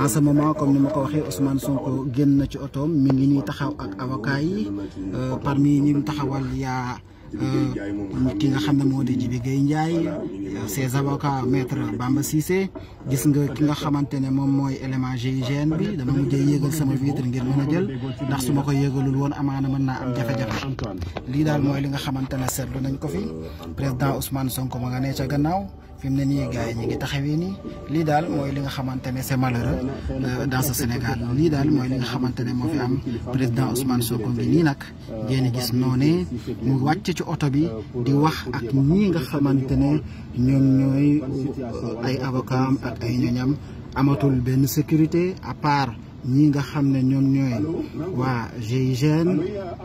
en ce moment comme ni ma ko waxee Ousmane Sonko génn na ci otoom mi ngi nii taxaw ak avocat yi euh, parmi ñi mu taxawal yaa euh, ki nga xam ne moo di Jibi Gueye Ndiaye euh, ses avocats maître Bamba Cissé gis nga ki nga xamante ne moom mooy élément GIGN bi dama mujjee yéegal sama vitre ngir mën a jël ndax su ma ko yéegalul woon amaana mën naa am jafe-jafe lii daal mooy li nga xamante ne seetlu nañ ko fi président Ousmane Sonko ma nga nee ca gannaaw fi mu ne nii gars yi ñu lii daal mooy li nga xamante ne c'est malheureux euh, dans ce Sénégal lii daal mooy li nga xamante ne moo fi am président Ousmane Sonko ngi nii nag ngeen gis noonee mu wàcc ci oto bi di wax ak ñii nga xamante ne ñoom ñooy euh, ay avocat ak ay ñoñam amatul benn sécurité à nga xam ne ñoom ñooy waa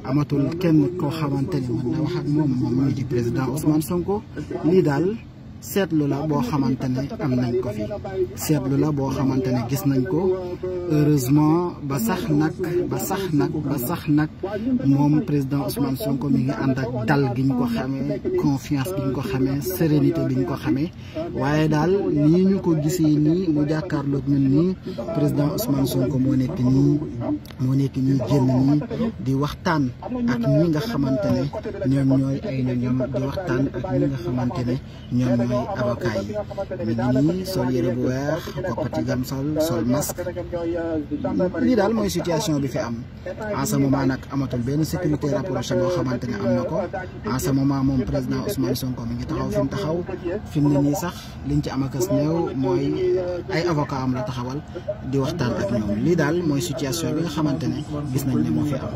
amatul kenn koo xamante ne na wax moom moom ñuy di président Ousmane Sonko lii daal seetlu la bo xamantene am nañ ko fi seetlu la bo xamantene gis nañ ko heureusement ba sax nak ba sax nak ba sax nak mom president Ousmane Sonko mi ngi andak dal giñ ko xamé confiance giñ ko xamé sérénité bi ko xamé waaye dal ni ñu ko gisé ni mu jakarlo ñun ni président Ousmane Sonko mo nekk ni mo nekk ni jël ni di waxtaan ak ñi nga xamantene ñom ñoy ay ñom di waxtaan ak ñi nga xamantene ñom ñoy mooy avocat yi mi ngi sol yére bu weex koppati gam sol sol masque lii daal mooy situation bi fi am en ce moment nag amatul benn sécurité rapprochée boo xamante ne am na ko en ce moment moom président Ousmane Sonko mi ngi taxaw fi mu taxaw fi mu nii sax liñ ci am ak as néew mooy ay avocat am la taxawal di waxtaan ak ñoom lii daal mooy situation bi nga xamante ne gis nañ ne moo fi am.